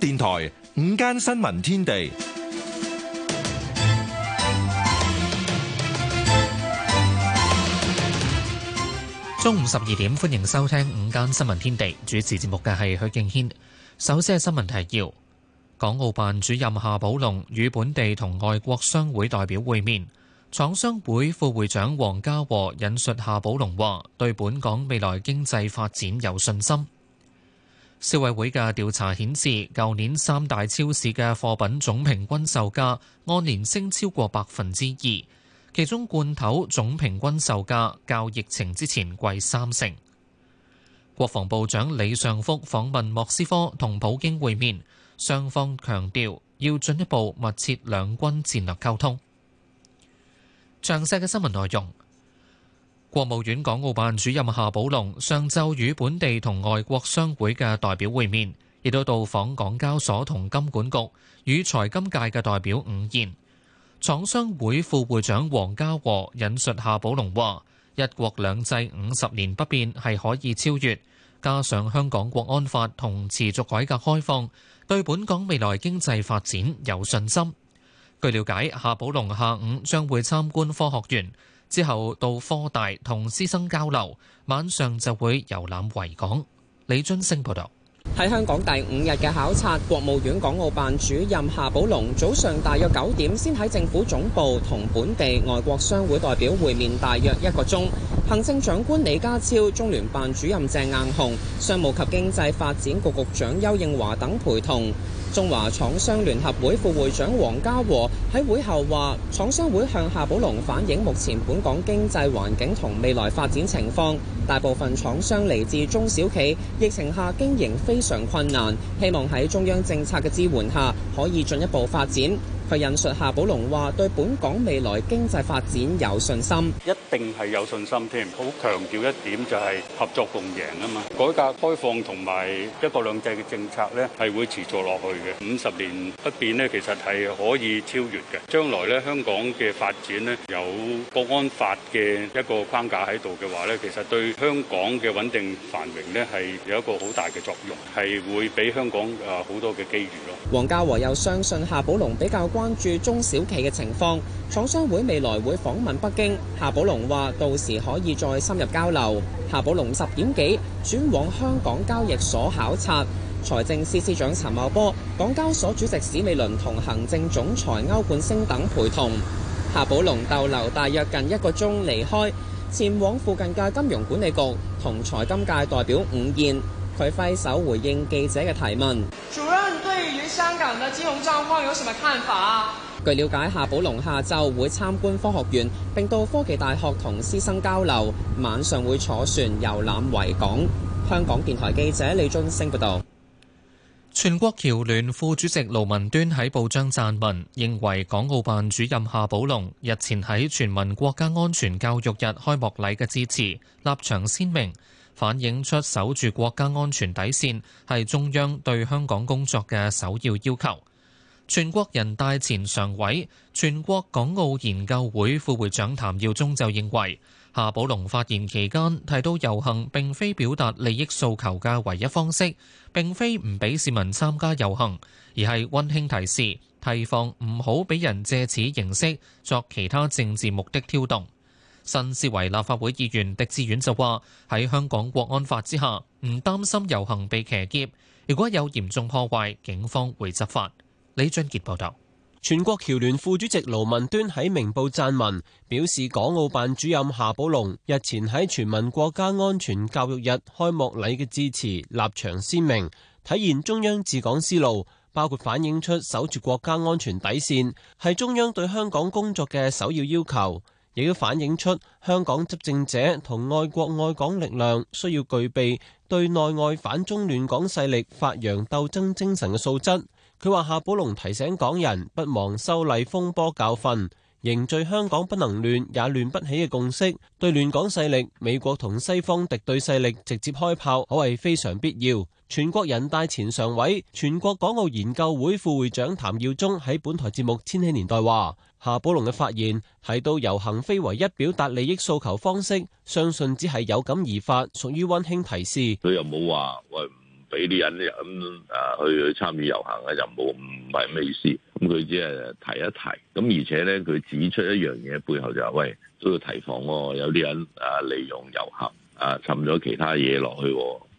電台午間新聞天地，中午十二點歡迎收聽午間新聞天地。主持節目嘅係許敬軒。首先係新聞提要：港澳辦主任夏寶龍與本地同外國商會代表會面，廠商會副會長黃家和引述夏寶龍話，對本港未來經濟發展有信心。消委會嘅調查顯示，舊年三大超市嘅貨品總平均售價按年升超過百分之二，其中罐頭總平均售價較疫情之前貴三成。國防部長李尚福訪問莫斯科同普京會面，雙方強調要進一步密切兩軍戰略溝通。詳細嘅新聞內容。國務院港澳辦主任夏寶龍上晝與本地同外國商會嘅代表會面，亦都到訪港交所同金管局，與財金界嘅代表午宴。廠商會副會長黃家和引述夏寶龍話：一國兩制五十年不變係可以超越，加上香港國安法同持續改革開放，對本港未來經濟發展有信心。據了解，夏寶龍下午將會參觀科學園。之後到科大同師生交流，晚上就會遊覽維港。李津升報道，喺香港第五日嘅考察，國務院港澳辦主任夏寶龍早上大約九點先喺政府總部同本地外國商會代表會面，大約一個鐘。行政長官李家超、中聯辦主任鄭雁雄、商務及經濟發展局局長邱應華等陪同。中華廠商聯合會副會長黃家和喺會後話，廠商會向夏寶龍反映目前本港經濟環境同未來發展情況，大部分廠商嚟自中小企，疫情下經營非常困難，希望喺中央政策嘅支援下，可以進一步發展。引述夏寶龍話：對本港未來經濟發展有信心，一定係有信心添。好強調一點就係合作共贏啊嘛！改革開放同埋一國兩制嘅政策咧，係會持續落去嘅。五十年不變咧，其實係可以超越嘅。將來咧，香港嘅發展咧，有《國安法》嘅一個框架喺度嘅話咧，其實對香港嘅穩定繁榮咧係有一個好大嘅作用，係會俾香港啊好多嘅機遇咯。黃家和又相信夏寶龍比較關關注中小企嘅情況，廠商會未來會訪問北京。夏寶龍話，到時可以再深入交流。夏寶龍十點幾轉往香港交易所考察，財政司司長陳茂波、港交所主席史美倫同行政總裁歐冠昇等陪同。夏寶龍逗留大約近一個鐘離開，前往附近嘅金融管理局同財金界代表午宴。佢揮手回應記者嘅提問。主任對於香港嘅金融狀況有什麼看法？據了解，夏寶龍下晝會參觀科學院，並到科技大學同師生交流。晚上會坐船遊覽維港。香港電台記者李津升報導。全國僑聯副主席盧文端喺報章撰文，認為港澳辦主任夏寶龍日前喺全民國家安全教育日開幕禮嘅致辭，立場鮮明，反映出守住國家安全底線，係中央對香港工作嘅首要要求。全國人大前常委、全國港澳研究會副會長譚耀宗就認為，夏寶龍發言期間提到遊行並非表達利益訴求嘅唯一方式，並非唔俾市民參加遊行，而係溫馨提示，提防唔好俾人借此形式作其他政治目的挑動。新思維立法會議員狄志遠就話：喺香港國安法之下，唔擔心遊行被騎劫。如果有嚴重破壞，警方會執法。李俊傑報導。全國僑聯副主席盧文端喺明報撰文，表示港澳辦主任夏寶龍日前喺全民國家安全教育日開幕禮嘅致辭，立場鮮明，體現中央治港思路，包括反映出守住國家安全底線，係中央對香港工作嘅首要要求。亦都反映出香港執政者同愛國愛港力量需要具備對內外反中亂港勢力發揚鬥爭精神嘅素質。佢話夏寶龍提醒港人不忘修例風波教訓，凝聚香港不能亂也亂不起嘅共識，對亂港勢力、美國同西方敵對勢力直接開炮，可謂非常必要。全國人大前常委、全國港澳研究會副會長譚耀宗喺本台節目《千禧年代》話。夏寶龍嘅發言提到遊行非唯一表達利益訴求方式，相信只係有感而發，屬於温馨提示。佢又冇話喂，唔俾啲人又咁啊去去參與遊行嘅，又冇唔係咩意思。咁佢只係提一提。咁而且咧，佢指出一樣嘢背後就話喂，都要提防喎，有啲人啊利用遊客，啊滲咗其他嘢落去，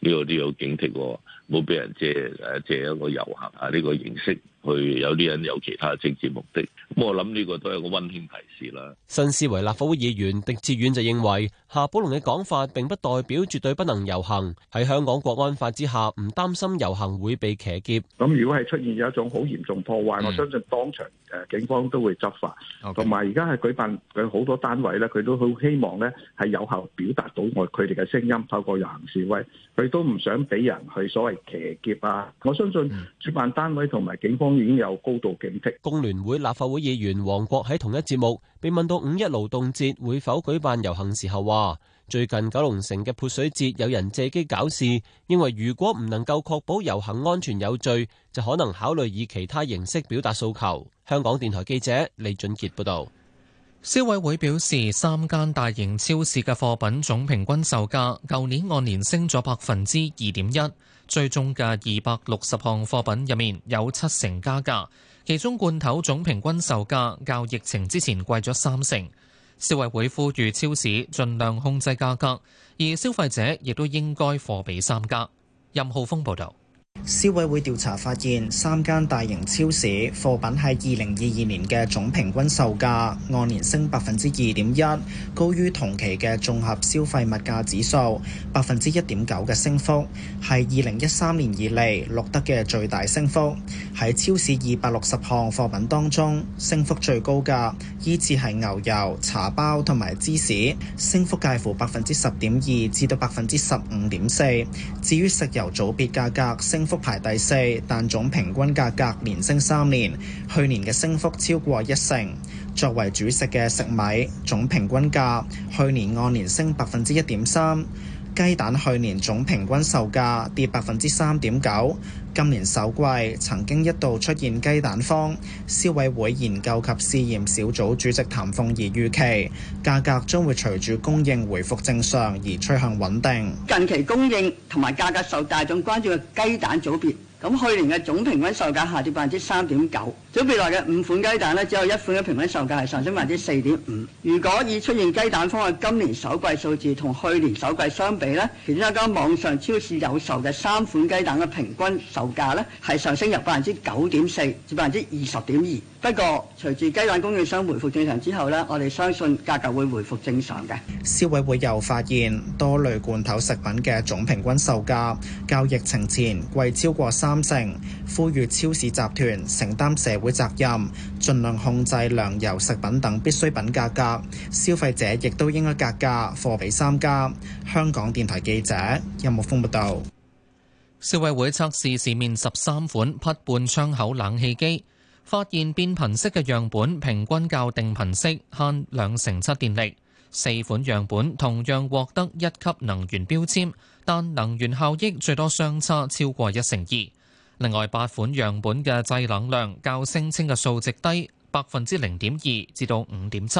呢個都要警惕。冇俾人借誒借一個遊行啊呢、呢個形式去有啲人有其他政治目的，咁我諗呢個都係個溫馨提示啦。新思維立法會議員狄志遠就認為，夏寶龍嘅講法並不代表絕對不能遊行，喺香港國安法之下，唔擔心遊行會被騎劫。咁、嗯、如果係出現咗一種好嚴重破壞，我相信當場誒警方都會執法。同埋而家係舉辦佢好多單位咧，佢都好希望呢係有效表達到我佢哋嘅聲音，透過遊行示威，佢都唔想俾人去所謂騎劫啊！我相信主辦單位同埋警方已經有高度警惕。工聯會立法會議員黃國喺同一節目被問到五一勞動節會否舉辦遊行時候，話最近九龍城嘅潑水節有人借機搞事，認為如果唔能夠確保遊行安全有序，就可能考慮以其他形式表達訴求。香港電台記者李俊傑報導。消委會表示，三間大型超市嘅貨品總平均售價，舊年按年升咗百分之二點一。最終嘅二百六十項貨品入面有七成加價，其中罐頭總平均售價較疫情之前貴咗三成。消委會呼籲超市盡量控制價格，而消費者亦都應該貨比三家。任浩峰報道。消委會調查發現，三間大型超市貨品喺二零二二年嘅總平均售價按年升百分之二點一，高於同期嘅綜合消費物價指數百分之一點九嘅升幅，係二零一三年以嚟錄得嘅最大升幅。喺超市二百六十項貨品當中，升幅最高價依次係牛油、茶包同埋芝士，升幅介乎百分之十點二至到百分之十五點四。至於食油組別價格升幅排第四，但總平均價格連升三年，去年嘅升幅超過一成。作為主食嘅食米，總平均價去年按年升百分之一點三，雞蛋去年總平均售價跌百分之三點九。今年首季曾經一度出現雞蛋荒，消委會研究及試驗小組主席譚鳳儀預期，價格將會隨住供應回復正常而趨向穩定。近期供應同埋價格受大眾關注嘅雞蛋組別。咁去年嘅總平均售價下跌百分之三點九，總別來嘅五款雞蛋呢，只有一款嘅平均售價係上升百分之四點五。如果以出現雞蛋荒今年首季數字同去年首季相比呢，其中一家網上超市有售嘅三款雞蛋嘅平均售價呢，係上升達百分之九點四至百分之二十點二。不過，隨住雞蛋供應商恢復正常之後呢，我哋相信價格會恢復正常嘅。消委會又發現多類罐頭食品嘅總平均售價較疫情前貴超過三成，呼籲超市集團承擔社會責任，盡量控制糧油食品等必需品價格。消費者亦都應該格價貨比三家。香港電台記者任木豐報道。有沒有消委會測試市面十三款匹半窗口冷氣機。發現變頻式嘅樣本平均較定頻式慳兩成七電力。四款樣本同樣獲得一級能源標籤，但能源效益最多相差超過一成二。另外八款樣本嘅製冷量較聲稱嘅數值低百分之零點二至到五點七。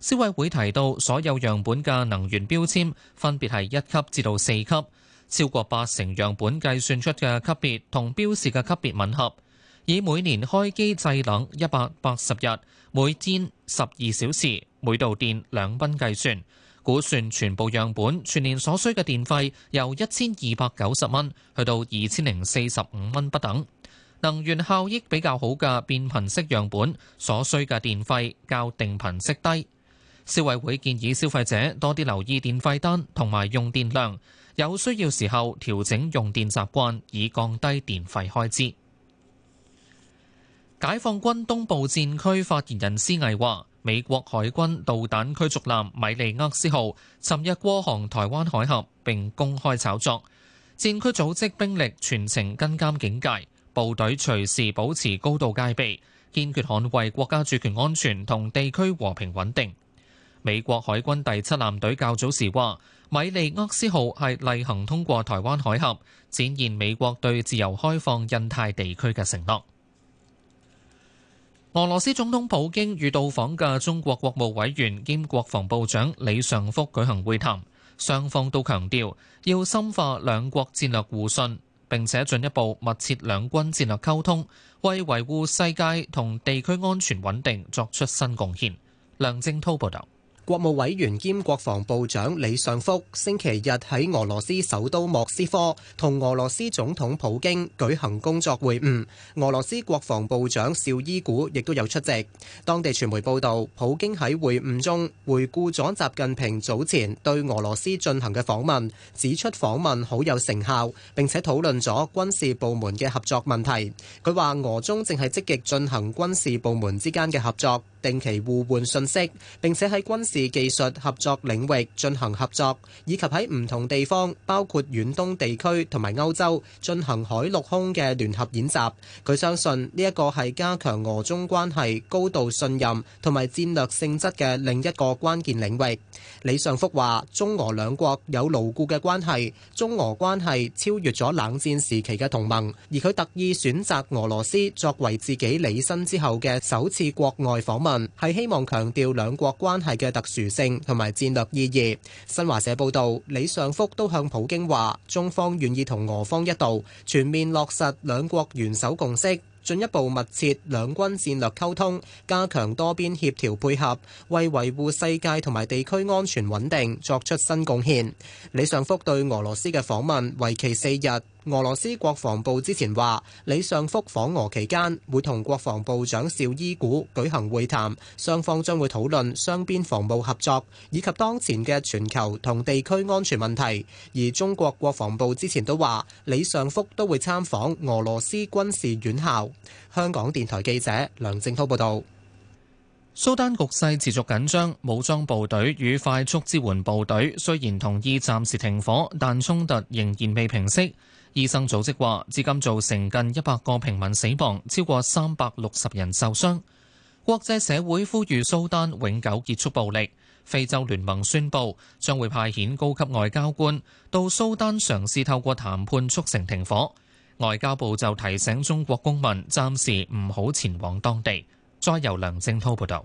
消委會提到，所有樣本嘅能源標籤分別係一級至到四級，超過八成樣本計算出嘅級別同標示嘅級別吻合。以每年開機制冷一百八十日，每天十二小時，每度電兩蚊計算，估算全部樣本全年所需嘅電費由一千二百九十蚊去到二千零四十五蚊不等。能源效益比較好嘅變頻式樣本所需嘅電費較定頻式低。消委會建議消費者多啲留意電費單同埋用電量，有需要時候調整用電習慣以降低電費開支。解放軍東部戰區發言人施毅話：美國海軍導彈驅逐艦米利厄斯號尋日過航台灣海峽，並公開炒作。戰區組織兵力全程跟監警戒，部隊隨時保持高度戒備，堅決捍衛國家主權安全同地區和平穩定。美國海軍第七艦隊較早時話：米利厄斯號係例行通過台灣海峽，展現美國對自由開放印太地區嘅承諾。俄羅斯總統普京與到訪嘅中國國務委員兼國防部長李尚福舉行會談，雙方都強調要深化兩國戰略互信，並且進一步密切兩軍戰略溝通，為維護世界同地區安全穩定作出新貢獻。梁正濤報道。國務委員兼國防部長李尚福星期日喺俄羅斯首都莫斯科同俄羅斯總統普京舉行工作會晤，俄羅斯國防部長紹伊古亦都有出席。當地傳媒報道，普京喺會晤中回顧咗習近平早前對俄羅斯進行嘅訪問，指出訪問好有成效，並且討論咗軍事部門嘅合作問題。佢話，俄中正係積極進行軍事部門之間嘅合作，定期互換信息，並且喺軍事技術合作領域進行合作，以及喺唔同地方，包括遠東地區同埋歐洲，進行海陸空嘅聯合演習。佢相信呢一個係加強俄中關係高度信任同埋戰略性質嘅另一個關鍵領域。李尚福話：中俄兩國有牢固嘅關係，中俄關係超越咗冷戰時期嘅同盟。而佢特意選擇俄羅斯作為自己離任之後嘅首次國外訪問，係希望強調兩國關係嘅特殊性同埋戰略意義，新華社報道，李尚福都向普京話，中方願意同俄方一道全面落實兩國元首共識，進一步密切兩軍戰略溝通，加強多邊協調配合，為維護世界同埋地區安全穩定作出新貢獻。李尚福對俄羅斯嘅訪問，為期四日。俄羅斯國防部之前話，李尚福訪俄期間會同國防部長邵伊古舉行會談，雙方將會討論雙邊防務合作以及當前嘅全球同地區安全問題。而中國國防部之前都話，李尚福都會參訪俄羅斯軍事院校。香港電台記者梁正滔報導。蘇丹局勢持續緊張，武裝部隊與快速支援部隊雖然同意暫時停火，但衝突仍然未平息。醫生組織話，至今造成近一百個平民死亡，超過三百六十人受傷。國際社會呼籲蘇丹永久結束暴力。非洲聯盟宣布將會派遣高級外交官到蘇丹，嘗試透過談判促成停火。外交部就提醒中國公民暫時唔好前往當地。再由梁正濤報道。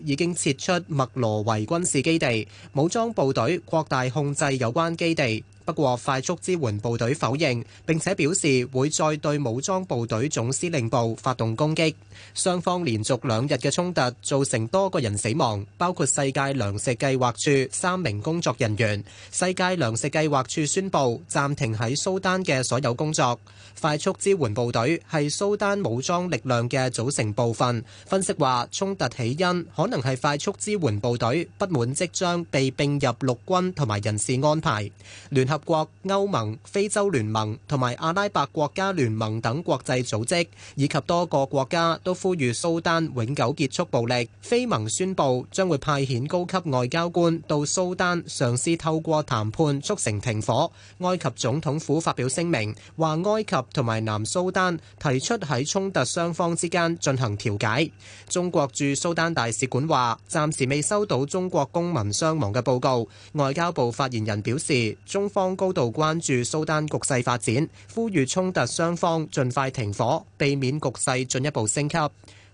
已經撤出麥羅維軍事基地，武裝部隊擴大控制有關基地。不過快速支援部隊否認，並且表示會再對武裝部隊總司令部發動攻擊。雙方連續兩日嘅衝突造成多個人死亡，包括世界糧食計劃署三名工作人員。世界糧食計劃署宣布暫停喺蘇丹嘅所有工作。快速支援部隊係蘇丹武裝力量嘅組成部分。分析話衝突起因可能係快速支援部隊不滿即將被併入陸軍同埋人事安排。聯合國、歐盟、非洲聯盟同埋阿拉伯國家聯盟等國際組織以及多個國家都呼籲蘇丹永久結束暴力。非盟宣布將會派遣高級外交官到蘇丹，嘗試透過談判促成停火。埃及總統府發表聲明，話埃及同埋南蘇丹提出喺衝突雙方之間進行調解。中國駐蘇丹大使館話，暫時未收到中國公民傷亡嘅報告。外交部發言人表示，中方。方高度關注蘇丹局勢發展，呼籲衝突雙方盡快停火，避免局勢進一步升級。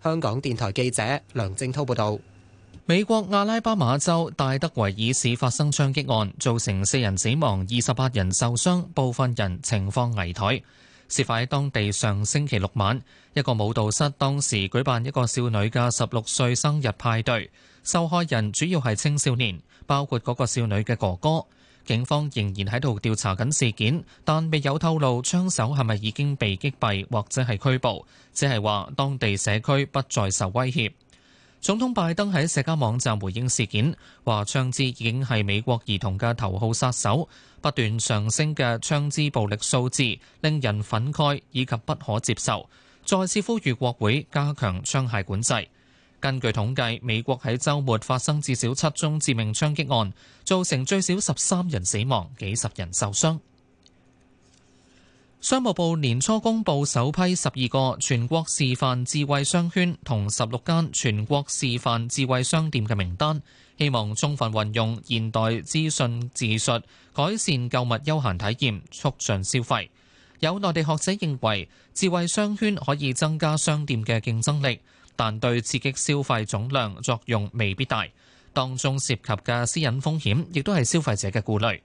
香港電台記者梁正濤報道。美國阿拉巴馬州戴德維爾市發生槍擊案，造成四人死亡、二十八人受傷，部分人情況危殆。事發喺當地上星期六晚，一個舞蹈室當時舉辦一個少女嘅十六歲生日派對，受害人主要係青少年，包括嗰個少女嘅哥哥。警方仍然喺度調查緊事件，但未有透露槍手係咪已經被擊斃或者係拘捕，只係話當地社區不再受威脅，總統拜登喺社交網站回應事件，話槍支已經係美國兒童嘅頭號殺手，不斷上升嘅槍支暴力數字令人憤慨以及不可接受，再次呼籲國會加強槍械管制。根據統計，美國喺週末發生至少七宗致命槍擊案，造成最少十三人死亡，幾十人受傷。商務部年初公布首批十二個全國示範智慧商圈同十六間全國示範智慧商店嘅名單，希望充分運用現代資訊技術，改善購物休閒體驗，促進消費。有內地學者認為，智慧商圈可以增加商店嘅競爭力。但對刺激消費總量作用未必大，當中涉及嘅私隱風險亦都係消費者嘅顧慮。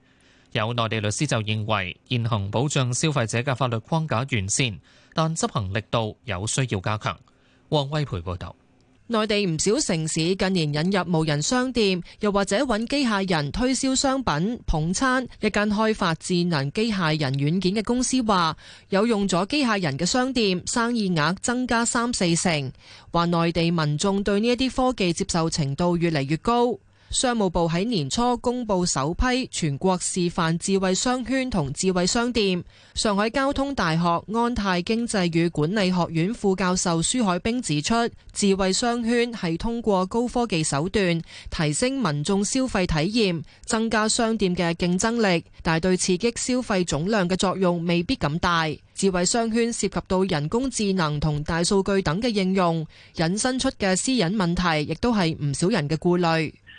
有內地律師就認為，現行保障消費者嘅法律框架完善，但執行力度有需要加強。王威培報道。內地唔少城市近年引入無人商店，又或者搵機械人推銷商品、捧餐。一間開發智能機械人軟件嘅公司話，有用咗機械人嘅商店，生意額增加三四成。話內地民眾對呢一啲科技接受程度越嚟越高。商務部喺年初公布首批全國示範智慧商圈同智慧商店。上海交通大學安泰經濟與管理學院副教授舒海冰指出，智慧商圈係通過高科技手段提升民眾消費體驗，增加商店嘅競爭力，但對刺激消費總量嘅作用未必咁大。智慧商圈涉及到人工智能同大數據等嘅應用，引申出嘅私隱問題，亦都係唔少人嘅顧慮。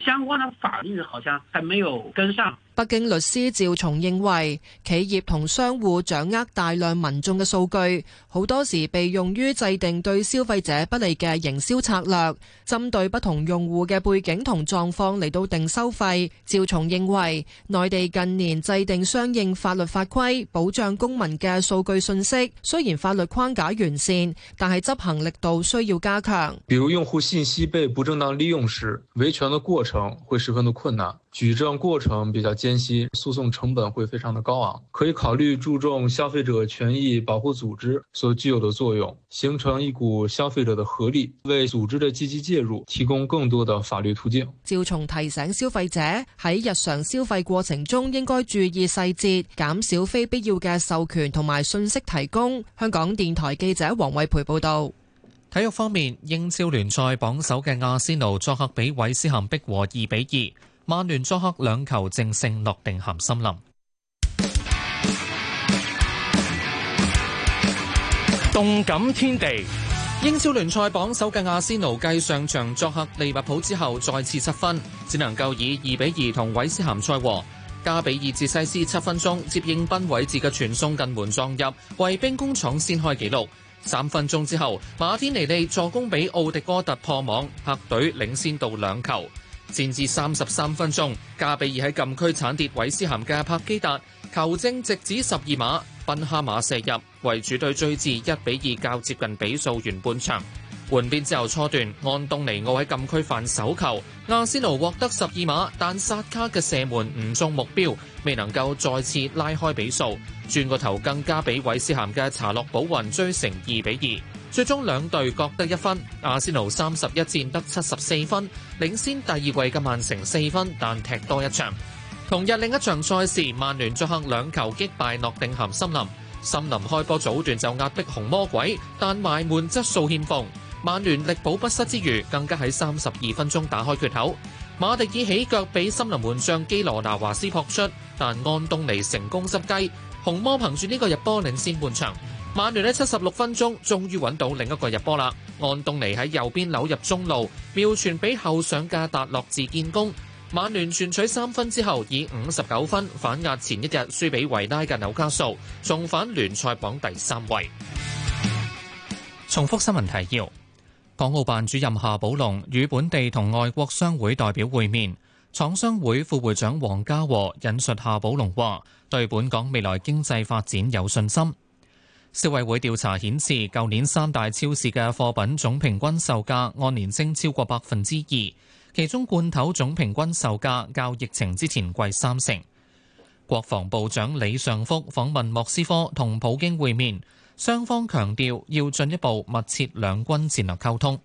相關的法律好像還沒有跟上。北京律師趙松認為，企業同商戶掌握大量民眾嘅數據，好多時被用於制定對消費者不利嘅營銷策略，針對不同用戶嘅背景同狀況嚟到定收費。趙松認為，內地近年制定相應法律法規保障公民嘅數據信息，雖然法律框架完善，但係執行力度需要加強。比如用戶信息被不正當利用時，維權嘅過程，會十分的困難，舉證過程比較艱辛，訴訟成本會非常的高昂。可以考慮注重消費者權益保護組織所具有的作用，形成一股消費者的合力，為組織的積極介入提供更多的法律途徑。趙松提醒消費者，喺日常消費過程中應該注意細節，減少非必要嘅授權同埋信息提供。香港電台記者黃慧培報道。體育方面，英超聯賽榜首嘅阿仙奴作客被韋斯咸逼和二比二，曼聯作客兩球淨勝諾定咸森林。動感天地，英超聯賽榜首嘅阿仙奴繼上場作客利物浦之後再次失分，只能夠以二比二同韋斯咸賽和。加比爾捷西斯七分鐘接應賓偉治嘅傳送近門撞入，為兵工廠先開紀錄。三分鐘之後，馬天尼利助攻比奧迪哥突破網，客隊領先到兩球。戰至三十三分鐘，加比爾喺禁區鏟跌韋的，韋斯咸嘅帕基達，球證直指十二碼，賓哈馬射入，為主隊追至一比二，較接近比數，完半場。換邊之後，初段安東尼奧喺禁區犯手球，阿仙奴獲得十二碼，但薩卡嘅射門唔中目標，未能夠再次拉開比數。轉個頭更加俾韋斯咸嘅查洛保雲追成二比二，最終兩隊各得一分。阿仙奴三十一戰得七十四分，領先第二位嘅曼城四分，但踢多一場。同日另一場賽事，曼聯作客兩球擊敗諾定咸森林，森林開波早段就壓迫紅魔鬼，但埋門質素欠奉。曼聯力保不失之餘，更加喺三十二分鐘打開缺口。馬迪爾起腳俾森林門將基羅納華斯撲出，但安東尼成功執雞。紅魔憑住呢個入波領先半場。曼聯喺七十六分鐘終於揾到另一個入波啦。安東尼喺右邊扭入中路，妙傳俾後上嘅達洛治建功。曼聯全取三分之後，以五十九分反壓前一日輸俾維拉嘅紐加素，重返聯賽榜第三位。重複新聞提要。港澳辦主任夏寶龍與本地同外國商會代表會面，廠商會副會長黃家和引述夏寶龍話，對本港未來經濟發展有信心。消委會調查顯示，舊年三大超市嘅貨品總平均售價按年升超過百分之二，其中罐頭總平均售價較疫情之前貴三成。國防部長李尚福訪問莫斯科，同普京會面。雙方強調要進一步密切兩軍戰略溝通。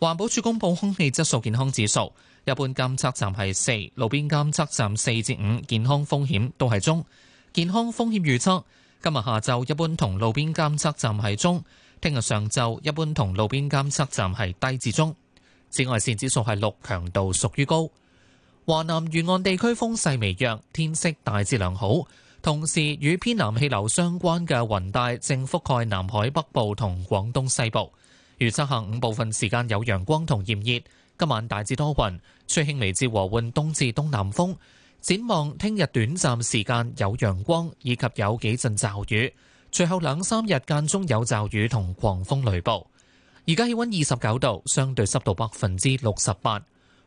環保署公布空氣質素健康指數，一般監測站係四，路邊監測站四至五，健康風險都係中。健康風險預測，今日下晝一般同路邊監測站係中，聽日上晝一般同路邊監測站係低至中。紫外線指數係六，強度屬於高。華南沿岸地區風勢微弱，天色大致良好。同時，與偏南氣流相關嘅雲帶正覆蓋南海北部同廣東西部。預測下午部分時間有陽光同炎熱，今晚大致多雲，吹輕微至和緩東至東南風。展望聽日短暫時間有陽光，以及有幾陣驟雨。隨後兩三日間中有驟雨同狂風雷暴。而家氣温二十九度，相對濕度百分之六十八。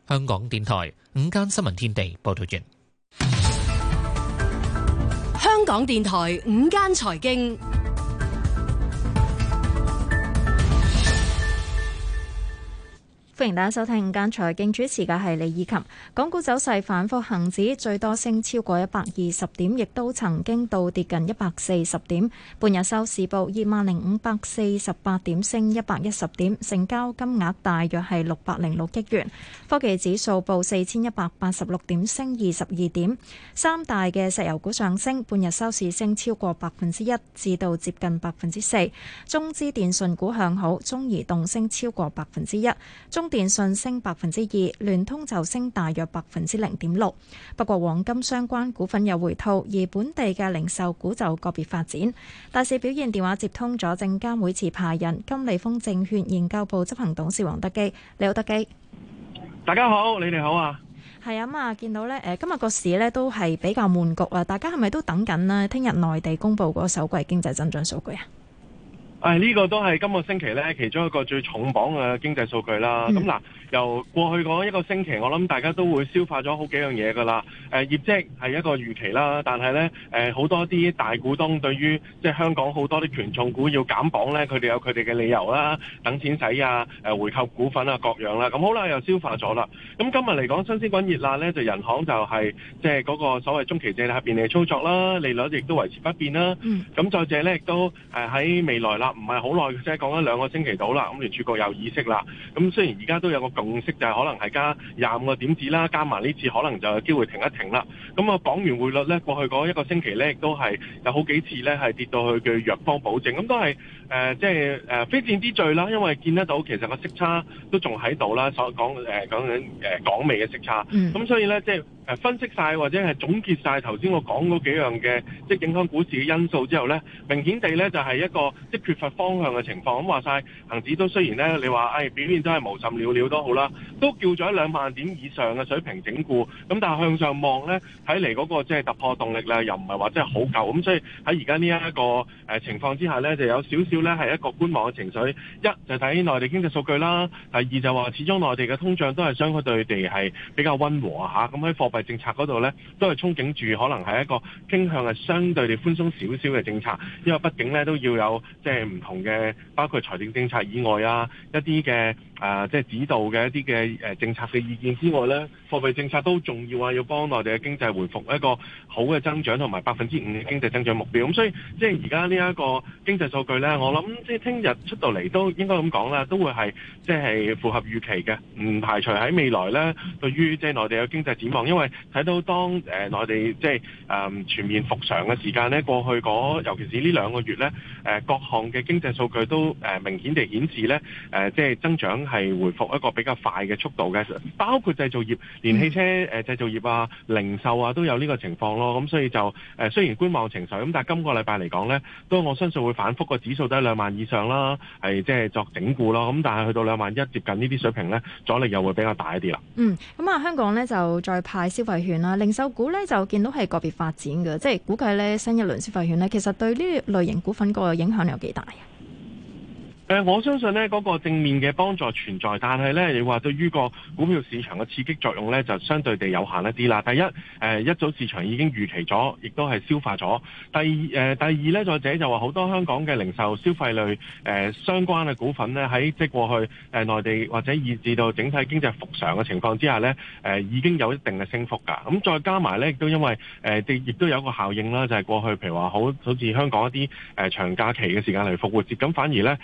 香港電台午間新聞天地，報道完。港電台午間財經。歡迎大家收聽《間財經》，主持嘅係李以琴。港股走勢反復，恆指最多升超過一百二十點，亦都曾經到跌近一百四十點。半日收市報二萬零五百四十八點，升一百一十點，成交金額大約係六百零六億元。科技指數報四千一百八十六點，升二十二點。三大嘅石油股上升，半日收市升超過百分之一，至到接近百分之四。中資電信股向好，中移動升超過百分之一。中電信升百分之二，聯通就升大約百分之零點六。不過黃金相關股份有回吐，而本地嘅零售股就個別發展。大市表現，電話接通咗證監會持牌人金利豐證券研究部執行董事黃德基，你好，德基。大家好，你哋好啊。係啊啊，見到呢，誒，今日個市呢都係比較悶局啊。大家係咪都等緊呢？聽日內地公布嗰個首季經濟增長數據啊。誒呢、哎這個都係今個星期咧，其中一個最重磅嘅經濟數據啦。咁嗱、嗯，由過去講一個星期，我諗大家都會消化咗好幾樣嘢噶啦。誒、呃、業績係一個預期啦，但係咧誒好多啲大股東對於即係香港好多啲權重股要減磅咧，佢哋有佢哋嘅理由啦，等錢使啊、呃，回購股份啊，各樣啦。咁好啦，又消化咗啦。咁今日嚟講新鮮滾熱辣咧，就人行就係即係嗰個所謂中期借貸便利操作啦，利率亦都維持不變啦。咁、嗯、再者咧，亦都誒喺未來啦。唔係好耐即係，講咗兩個星期到啦。咁聯儲局有意識啦。咁雖然而家都有個共識，就係、是、可能係加廿五個點子啦。加埋呢次，可能就有機會停一停啦。咁、嗯、啊，港元匯率咧，過去嗰一個星期咧，亦都係有好幾次咧，係跌到去嘅弱方保證。咁、嗯、都係誒，即係誒非戰之罪啦。因為見得到其實個息差都仲喺度啦。所講誒講緊誒港美嘅息差。咁、嗯、所以咧、就是，即係分析晒或者係總結晒頭先我講嗰幾樣嘅，即係影響股市嘅因素之後咧，明顯地咧就係、是、一個即係方向嘅情況，咁話晒恒指都雖然咧，你話誒、哎、表面都係無甚了了都好啦，都叫咗兩萬點以上嘅水平整固，咁、嗯、但係向上望咧，睇嚟嗰個即係突破動力咧，又唔係話真係好夠，咁、嗯、所以喺而家呢一個誒情況之下咧，就有少少咧係一個觀望嘅情緒。一就睇內地經濟數據啦，第二就話始終內地嘅通脹都係相對地係比較溫和嚇，咁、嗯、喺貨幣政策嗰度咧都係憧憬住可能係一個傾向係相對地寬鬆少少嘅政策，因為畢竟咧都要有即係。就是唔同嘅，包括財政政策以外啊，一啲嘅。啊，即、就、係、是、指導嘅一啲嘅誒政策嘅意見之外呢，貨幣政策都重要啊，要幫內地嘅經濟回復一個好嘅增長和，同埋百分之五嘅經濟增長目標。咁所以即係而家呢一個經濟數據呢，我諗即係聽日出到嚟都應該咁講啦，都會係即係符合預期嘅，唔排除喺未來呢，對於即係內地嘅經濟展望，因為睇到當誒內、呃、地即係誒全面復常嘅時間呢，過去嗰尤其是呢兩個月呢，誒、呃、各項嘅經濟數據都誒明顯地顯示呢，誒即係增長。係回復一個比較快嘅速度嘅，包括製造業、連汽車誒製、呃、造業啊、零售啊都有呢個情況咯。咁、嗯、所以就誒、呃、雖然觀望情緒，咁但係今個禮拜嚟講呢，都我相信會反覆個指數都係兩萬以上啦，係即係作整固咯。咁但係去到兩萬一接近呢啲水平呢，阻力又會比較大一啲啦。嗯，咁啊，香港呢就再派消費券啦，零售股呢就見到係個別發展嘅，即、就、係、是、估計呢，新一輪消費券呢，其實對呢類型股份個影響有幾大啊？誒，我相信呢嗰、那個正面嘅幫助存在，但係呢你話對於個股票市場嘅刺激作用呢，就相對地有限一啲啦。第一，誒、呃、一早市場已經預期咗，亦都係消化咗。第二，誒、呃、第二呢再者就話好多香港嘅零售消費類誒、呃、相關嘅股份呢，喺即係過去誒、呃、內地或者以至到整體經濟復常嘅情況之下呢，誒、呃、已經有一定嘅升幅㗎。咁再加埋呢，亦都因為誒亦、呃、都有個效應啦，就係、是、過去譬如話好好似香港一啲誒長假期嘅時間嚟復活節，咁反而呢。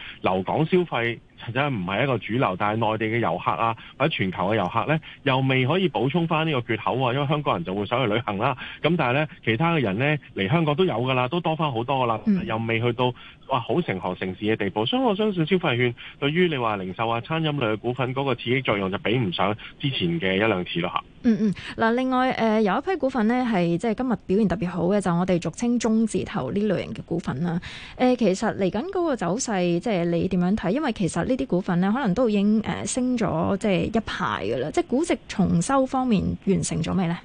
講消費。其實際唔係一個主流，但係內地嘅遊客啊，或者全球嘅遊客呢，又未可以補充翻呢個缺口喎、啊。因為香港人就會想去旅行啦、啊。咁但係呢，其他嘅人呢，嚟香港都有㗎啦，都多翻好多㗎啦，又未去到話好成行成市嘅地步。所以我相信消費券對於你話零售啊、餐飲類嘅股份嗰、那個刺激作用就比唔上之前嘅一兩次咯嚇。嗯嗯，嗱，另外誒、呃、有一批股份呢，係即係今日表現特別好嘅，就我哋俗稱中字頭呢類型嘅股份啦。誒、呃，其實嚟緊嗰個走勢，即係你點樣睇？因為其實。呢啲股份咧，可能都已經誒升咗，即係一排㗎喇。即係估值重修方面，完成咗未咧？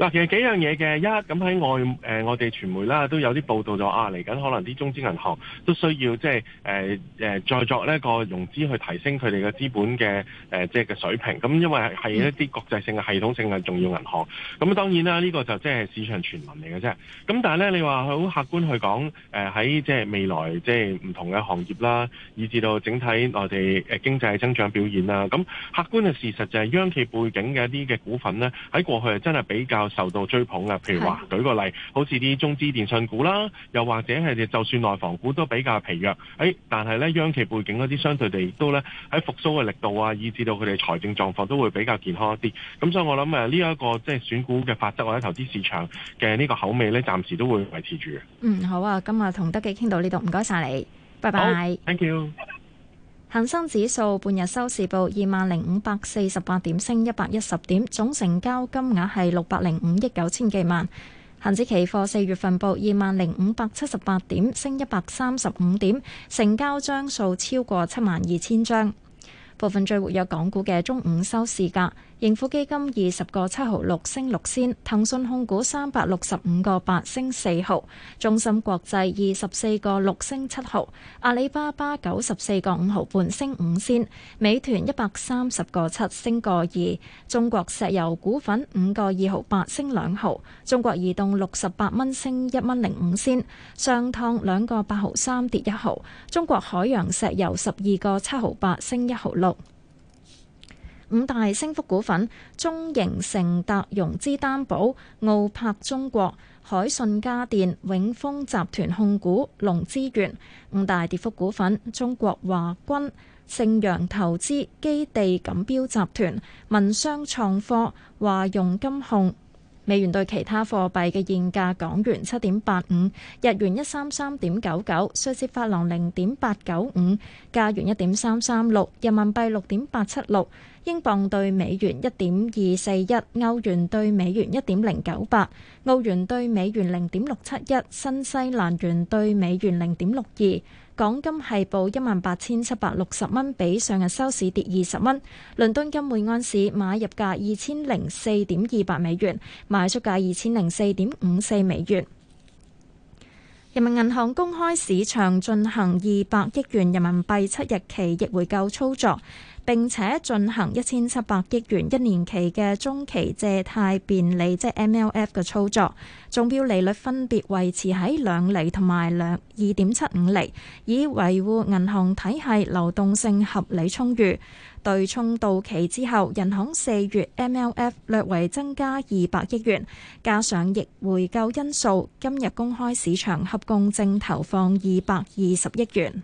嗱，其實幾樣嘢嘅，一咁喺外誒、呃，我哋傳媒啦都有啲報道咗啊，嚟緊可能啲中資銀行都需要即係誒再作一個融資去提升佢哋嘅資本嘅即係嘅水平。咁因為係一啲國際性嘅系統性嘅重要銀行。咁當然啦，呢個就即係市場傳聞嚟嘅啫。咁但係咧，你話佢好客觀去講誒喺即係未來即係唔同嘅行業啦，以至到整體內地經濟增長表現啦。咁客觀嘅事實就係央企背景嘅一啲嘅股份咧，喺過去係真係比較受到追捧嘅，譬如話是舉個例，好似啲中資電信股啦，又或者係就算內房股都比較疲弱。誒、哎，但係咧央企背景嗰啲，相對地都咧喺復甦嘅力度啊，以至到佢哋財政狀況都會比較健康一啲。咁、嗯、所以我想，我諗誒呢一個即係選股嘅法則，或者投資市場嘅呢個口味咧，暫時都會維持住。嗯，好啊，今日同德記傾到呢度，唔該晒你，好拜拜。Thank you。恒生指數半日收市報二萬零五百四十八點，升一百一十點，總成交金額係六百零五億九千幾萬。恒指期貨四月份報二萬零五百七十八點，升一百三十五點，成交張數超過七萬二千張。部分最活躍港股嘅中午收市價。盈富基金二十個七毫六升六仙，騰訊控股三百六十五個八升四毫，中芯國際二十四個六升七毫，阿里巴巴九十四個五毫半升五仙，美團一百三十個七升個二，中國石油股份五個二毫八升兩毫，中國移動六十八蚊升一蚊零五仙，商湯兩個八毫三跌一毫，中國海洋石油十二個七毫八升一毫六。五大升幅股份：中盈盛達融資擔保、澳柏中國、海信家電、永豐集團控股、龍資源。五大跌幅股份：中國華軍、盛陽投資、基地錦標集團、民商創科、華融金控。美元對其他貨幣嘅現價：港元七點八五，日元一三三點九九，瑞士法郎零點八九五，加元一點三三六，人民幣六點八七六。英鎊兌美元一點二四一，歐元兌美元一點零九八，澳元兌美元零點六七一，新西蘭元兌美元零點六二。港金係報一萬八千七百六十蚊，比上日收市跌二十蚊。倫敦金每安士買入價二千零四點二八美元，賣出價二千零四點五四美元。人民銀行公開市場進行二百億元人民幣七日期逆回購操作。並且進行一千七百億元一年期嘅中期借貸便利，即 MLF 嘅操作，中標利率分別維持喺兩厘同埋兩二點七五厘，以維護銀行體系流動性合理充裕。對沖到期之後，銀行四月 MLF 略為增加二百億元，加上逆回購因素，今日公開市場合共淨投放二百二十億元。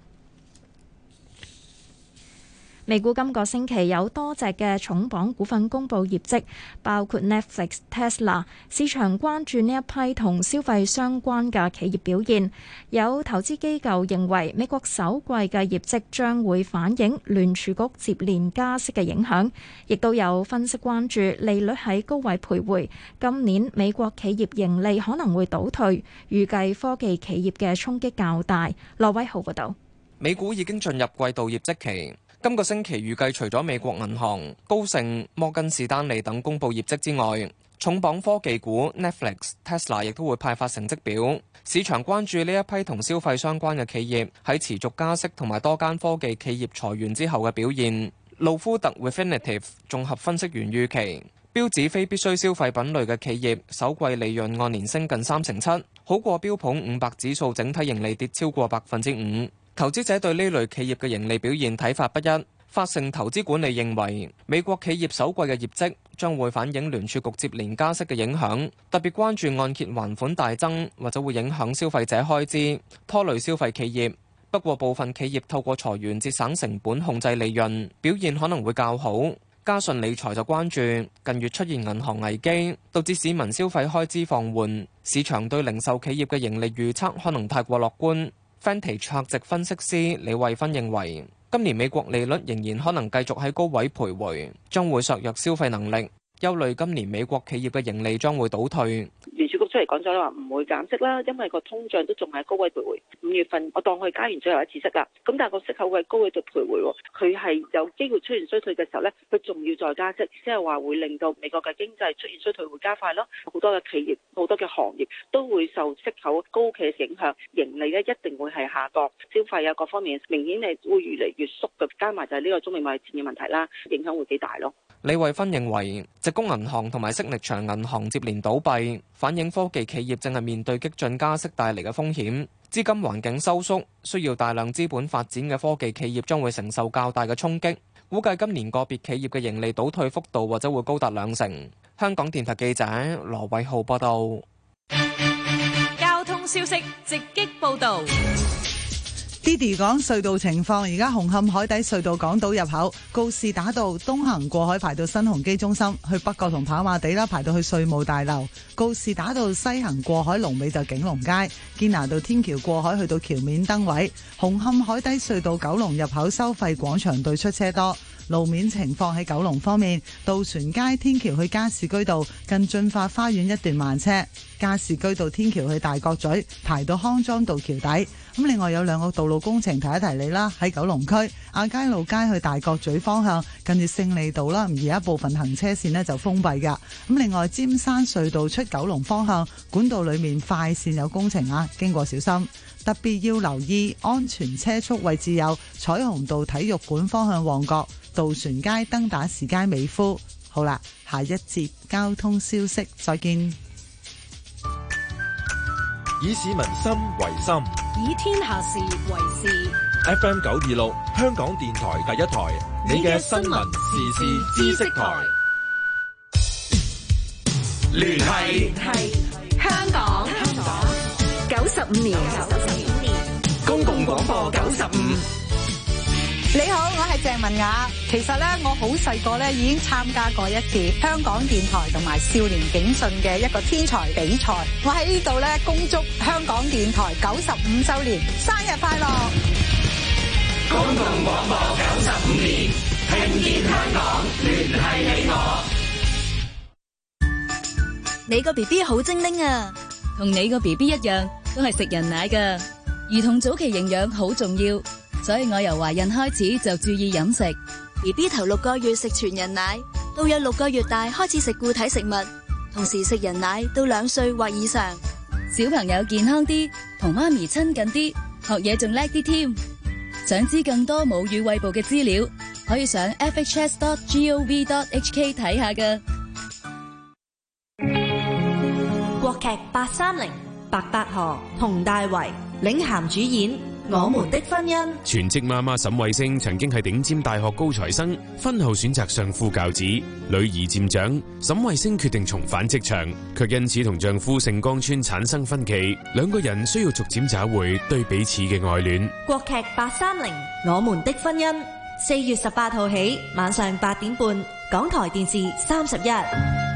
美股今個星期有多隻嘅重磅股份公布業績，包括 Netflix、Tesla。市場關注呢一批同消費相關嘅企業表現。有投資機構認為，美國首季嘅業績將會反映聯儲局接連加息嘅影響，亦都有分析關注利率喺高位徘徊，今年美國企業盈利可能會倒退，預計科技企業嘅衝擊較大。羅偉浩報導，美股已經進入季度業績期。今個星期預計，除咗美國銀行、高盛、摩根士丹利等公布業績之外，重磅科技股 Netflix、Tesla 亦都會派發成績表。市場關注呢一批同消費相關嘅企業喺持續加息同埋多間科技企業裁員之後嘅表現。路夫特 Refinitiv 綜合分析員預期，標指非必需消費品類嘅企業首季利潤按年升近三成七，好過標普五百指數整體盈利跌超過百分之五。投資者對呢類企業嘅盈利表現睇法不一。法盛投資管理認為，美國企業首季嘅業績將會反映聯儲局接連加息嘅影響，特別關注按揭還款大增或者會影響消費者開支，拖累消費企業。不過部分企業透過裁員節省成本控制利潤，表現可能會較好。嘉信理財就關注，近月出現銀行危機，導致市民消費開支放緩，市場對零售企業嘅盈利預測可能太過樂觀。Fintech 客席分析師李慧芬認為，今年美國利率仍然可能繼續喺高位徘徊，將會削弱消費能力。憂慮今年美國企業嘅盈利將會倒退。聯儲局出嚟講咗，話唔會減息啦，因為個通脹都仲係高位徘徊。五月份我當佢加完最後一次息噶，咁但係個息口位高位度徘徊，佢係有機會出現衰退嘅時候咧，佢仲要再加息，即係話會令到美國嘅經濟出現衰退會加快咯。好多嘅企業、好多嘅行業都會受息口高企嘅影響，盈利咧一定會係下降，消費啊各方面明顯係會越嚟越縮嘅。加埋就係呢個中美貿易戰嘅問題啦，影響會幾大咯。李慧芬認為，直工銀行同埋息力場銀行接連倒閉，反映科技企業正係面對激進加息帶嚟嘅風險。資金環境收縮，需要大量資本發展嘅科技企業將會承受較大嘅衝擊。估計今年個別企業嘅盈利倒退幅度或者會高達兩成。香港電台記者羅偉浩報道。交通消息直擊報道。d i d 講隧道情況，而家紅磡海底隧道港島入口告士打道東行過海排到新鴻基中心，去北角同跑馬地啦，排到去稅務大樓。告士打道西行過海龍尾就景隆街，堅拿道天橋過海去到橋面燈位。紅磡海底隧道九龍入口收費廣場對出車多，路面情況喺九龍方面，渡船街天橋去加士居道近駿發花園一段慢車。加士居道天橋去大角咀，排到康莊道橋底。咁，另外有兩個道路工程提一提你啦，喺九龍區亞皆老街去大角咀方向，近住勝利道啦。而家部分行車線呢就封閉噶。咁，另外尖山隧道出九龍方向管道裏面快線有工程啊，經過小心，特別要留意安全車速位置有彩虹道體育館方向旺角、渡船街、登打士街、美孚。好啦，下一節交通消息再見。以市民心為心，以天下事為事。FM 九二六，香港電台第一台，你嘅新聞、時事、知識台。聯繫聯繫香港香港，九十五年，九十五年公共廣播九十五。你好，我係鄭文雅。其實咧，我好細個咧已經參加過一次香港電台同埋少年警訊嘅一個天才比賽。我喺呢度咧恭祝香港電台九十五周年生日快樂！廣東廣播九十五年，聽見香港，聯繫你我。你個 B B 好精靈啊，同你個 B B 一樣都係食人奶㗎，兒童早期營養好重要。所以我由懷孕開始就注意飲食，B B 頭六個月食全人奶，到有六個月大開始食固體食物，同時食人奶到兩歲或以上，小朋友健康啲，同媽咪親近啲，學嘢仲叻啲添。想知更多母乳喂哺嘅資料，可以上 fhs.gov.hk 睇下㗎。國劇八三零，白百何、佟大為領銜主演。我們的婚姻全職媽媽沈慧星曾經係頂尖大學高材生，婚後選擇相夫教子，女兒漸長，沈慧星決定重返職場，却因此同丈夫盛江川產生分歧。兩個人需要逐漸找回對彼此嘅愛戀。國劇八三零《我們的婚姻》，四月十八號起，晚上八點半，港台電視三十一。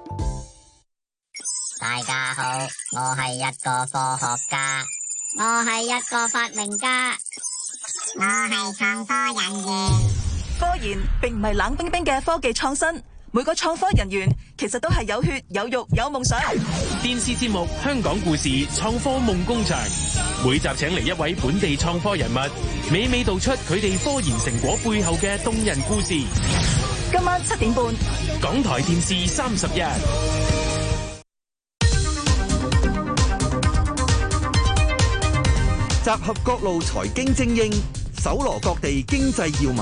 大家好，我係一個科學家，我係一個發明家，我係創科人員。科研並唔係冷冰冰嘅科技創新，每個創科人員其實都係有血有肉有夢想。電視節目《香港故事創科夢工場》，每集請嚟一位本地創科人物，娓娓道出佢哋科研成果背後嘅動人故事。今晚七點半，港台電視三十一。集合各路財經精英，搜羅各地經濟要聞。